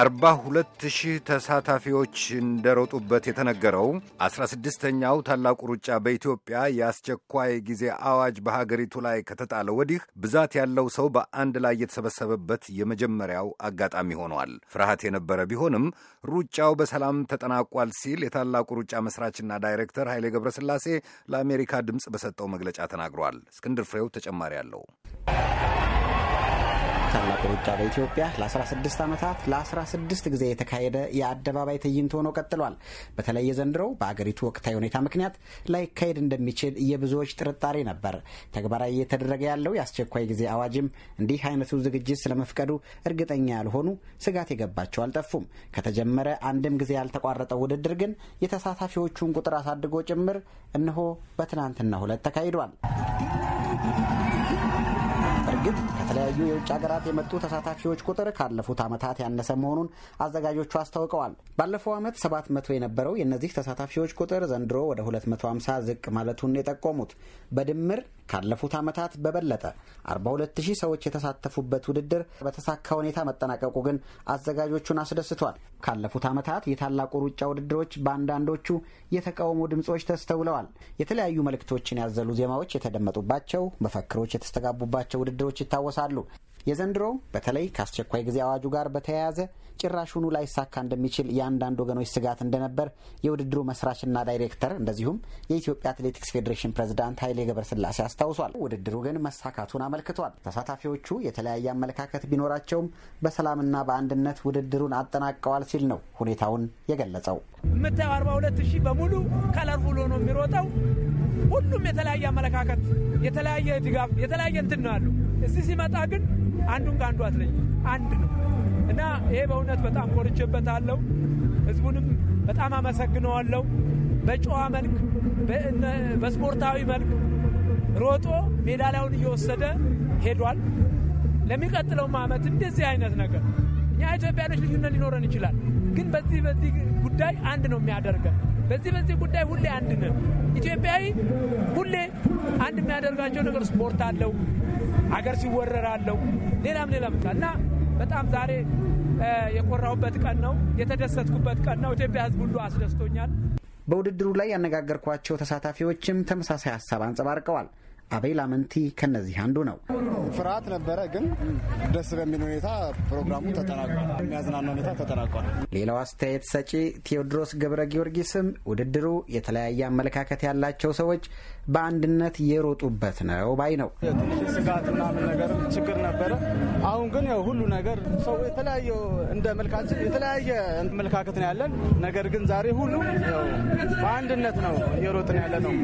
አርባ ሁለት ሺህ ተሳታፊዎች እንደሮጡበት የተነገረው አስራ ስድስተኛው ታላቁ ሩጫ በኢትዮጵያ የአስቸኳይ ጊዜ አዋጅ በሀገሪቱ ላይ ከተጣለ ወዲህ ብዛት ያለው ሰው በአንድ ላይ የተሰበሰበበት የመጀመሪያው አጋጣሚ ሆኗል። ፍርሃት የነበረ ቢሆንም ሩጫው በሰላም ተጠናቋል ሲል የታላቁ ሩጫ መስራችና ዳይሬክተር ኃይሌ ገብረስላሴ ለአሜሪካ ድምፅ በሰጠው መግለጫ ተናግሯል። እስክንድር ፍሬው ተጨማሪ አለው። ታላቁ ሩጫ በኢትዮጵያ ለ16 ዓመታት ለ16 ጊዜ የተካሄደ የአደባባይ ትዕይንት ሆኖ ቀጥሏል። በተለይ ዘንድሮው በአገሪቱ ወቅታዊ ሁኔታ ምክንያት ላይካሄድ እንደሚችል የብዙዎች ጥርጣሬ ነበር። ተግባራዊ እየተደረገ ያለው የአስቸኳይ ጊዜ አዋጅም እንዲህ አይነቱ ዝግጅት ስለመፍቀዱ እርግጠኛ ያልሆኑ ስጋት የገባቸው አልጠፉም። ከተጀመረ አንድም ጊዜ ያልተቋረጠው ውድድር ግን የተሳታፊዎቹን ቁጥር አሳድጎ ጭምር እነሆ በትናንትናው ዕለት ተካሂዷል። ከተለያዩ የውጭ ሀገራት የመጡ ተሳታፊዎች ቁጥር ካለፉት ዓመታት ያነሰ መሆኑን አዘጋጆቹ አስታውቀዋል። ባለፈው ዓመት 700 የነበረው የእነዚህ ተሳታፊዎች ቁጥር ዘንድሮ ወደ 250 ዝቅ ማለቱን የጠቆሙት በድምር ካለፉት ዓመታት በበለጠ 42000 ሰዎች የተሳተፉበት ውድድር በተሳካ ሁኔታ መጠናቀቁ ግን አዘጋጆቹን አስደስቷል። ካለፉት ዓመታት የታላቁ ሩጫ ውድድሮች በአንዳንዶቹ የተቃውሞ ድምፆች ተስተውለዋል። የተለያዩ መልእክቶችን ያዘሉ ዜማዎች የተደመጡባቸው፣ መፈክሮች የተስተጋቡባቸው ውድድሮች ይታወሳሉ። የዘንድሮ በተለይ ከአስቸኳይ ጊዜ አዋጁ ጋር በተያያዘ ጭራሹኑ ላይሳካ እንደሚችል የአንዳንድ ወገኖች ስጋት እንደነበር የውድድሩ መስራችና ዳይሬክተር እንደዚሁም የኢትዮጵያ አትሌቲክስ ፌዴሬሽን ፕሬዝዳንት ኃይሌ ገብረስላሴ አስታውሷል። ውድድሩ ግን መሳካቱን አመልክቷል። ተሳታፊዎቹ የተለያየ አመለካከት ቢኖራቸውም በሰላምና በአንድነት ውድድሩን አጠናቀዋል ሲል ነው ሁኔታውን የገለጸው። የምታየው ሁለት ሺህ በሙሉ ከለርፉል ሆኖ የሚሮጠው ሁሉም የተለያየ አመለካከት፣ የተለያየ ድጋፍ፣ የተለያየ እንትን ነው ያሉ እዚህ ሲመጣ ግን አንዱን ከአንዱ አትለይ አንድ ነው እና ይሄ በእውነት በጣም ኮርቼበታለሁ። ህዝቡንም በጣም አመሰግነዋለሁ። በጨዋ መልክ በስፖርታዊ መልክ ሮጦ ሜዳሊያውን እየወሰደ ሄዷል። ለሚቀጥለውም አመት እንደዚህ አይነት ነገር እኛ ኢትዮጵያኖች ልዩነት ሊኖረን ይችላል፣ ግን በዚህ በዚህ ጉዳይ አንድ ነው የሚያደርገን። በዚህ በዚህ ጉዳይ ሁሌ አንድ ነን። ኢትዮጵያዊ ሁሌ አንድ የሚያደርጋቸው ነገር ስፖርት አለው፣ አገር ሲወረራለው ሌላም ሌላም እና በጣም ዛሬ የኮራሁበት ቀን ነው፣ የተደሰትኩበት ቀን ነው። ኢትዮጵያ ሕዝብ ሁሉ አስደስቶኛል። በውድድሩ ላይ ያነጋገርኳቸው ተሳታፊዎችም ተመሳሳይ ሀሳብ አንጸባርቀዋል። አቤል አመንቲ ከእነዚህ አንዱ ነው። ፍርሃት ነበረ፣ ግን ደስ በሚል ሁኔታ ፕሮግራሙ ተጠናቋል። የሚያዝናና ሁኔታ ተጠናቋል። ሌላው አስተያየት ሰጪ ቴዎድሮስ ገብረ ጊዮርጊስም ውድድሩ የተለያየ አመለካከት ያላቸው ሰዎች በአንድነት የሮጡበት ነው ባይ ነው። ትንሽ ስጋት ምናምን ነገር ችግር ነበረ። አሁን ግን ያው ሁሉ ነገር ሰው የተለያየ እንደ መልካችን የተለያየ አመለካከት ነው ያለን። ነገር ግን ዛሬ ሁሉ በአንድነት ነው እየሮጥን ያለ ነው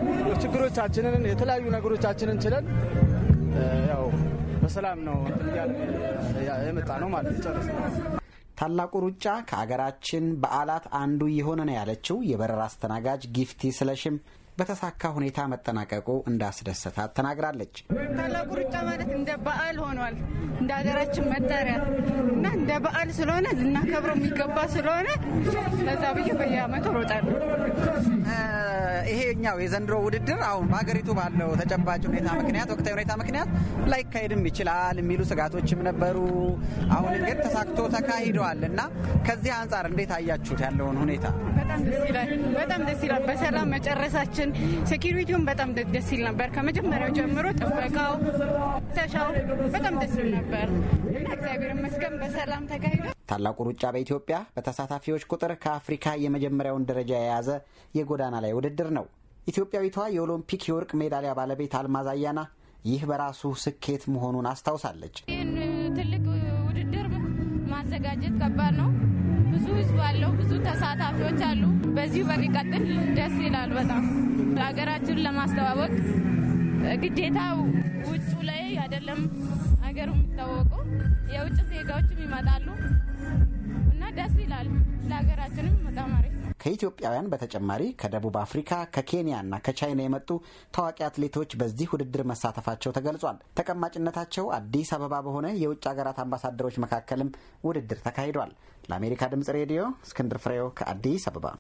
ችግሮቻችንን የተለያዩ ነገሮቻችንን ችለን ያው በሰላም ነው የመጣ ነው ማለት ጨርስ ታላቁ ሩጫ ከአገራችን በዓላት አንዱ የሆነ ነው ያለችው የበረራ አስተናጋጅ ጊፍቲ ስለሽም በተሳካ ሁኔታ መጠናቀቁ እንዳስደሰታት ተናግራለች። ታላቁ ሩጫ ማለት እንደ በዓል ሆኗል፣ እንደ ሀገራችን መጠሪያ እና እንደ በዓል ስለሆነ ልናከብረው የሚገባ ስለሆነ ለዛ ብዬ በየአመቱ ሮጣለሁ። ይሄኛው የዘንድሮ ውድድር አሁን በሀገሪቱ ባለው ተጨባጭ ሁኔታ ምክንያት ወቅታዊ ሁኔታ ምክንያት ላይካሄድም ይችላል የሚሉ ስጋቶችም ነበሩ። አሁን ግን ተሳክቶ ተካሂደዋል እና ከዚህ አንጻር እንዴት አያችሁት ያለውን ሁኔታ? በጣም ደስ ይላል። በሰላም መጨረሳችን ሴኪሪቲውን በጣም ደስ ይል ነበር። ከመጀመሪያው ጀምሮ ጥበቃው ተሻው በጣም ደስ ይል ነበር እና እግዚአብሔር ይመስገን በሰላም ተካሂዶ ታላቁ ሩጫ በኢትዮጵያ በተሳታፊዎች ቁጥር ከአፍሪካ የመጀመሪያውን ደረጃ የያዘ የጎዳና ላይ ውድድር ነው። ኢትዮጵያዊቷ የኦሎምፒክ የወርቅ ሜዳሊያ ባለቤት አልማዝ አያና ይህ በራሱ ስኬት መሆኑን አስታውሳለች። ይህን ትልቅ ውድድር ማዘጋጀት ከባድ ነው። ብዙ ሕዝብ አለው፣ ብዙ ተሳታፊዎች አሉ። በዚሁ በሚቀጥል ደስ ይላል። በጣም ሀገራችን ለማስተዋወቅ ግዴታ ውጭ ላይ አይደለም ሀገሩ የሚታወቀው የውጭ ዜጋዎችም ይመጣሉ እና ደስ ይላል። ለሀገራችንም በጣም አሪፍ ነው። ከኢትዮጵያውያን በተጨማሪ ከደቡብ አፍሪካ፣ ከኬንያ እና ከቻይና የመጡ ታዋቂ አትሌቶች በዚህ ውድድር መሳተፋቸው ተገልጿል። ተቀማጭነታቸው አዲስ አበባ በሆነ የውጭ ሀገራት አምባሳደሮች መካከልም ውድድር ተካሂዷል። ለአሜሪካ ድምጽ ሬዲዮ እስክንድር ፍሬው ከአዲስ አበባ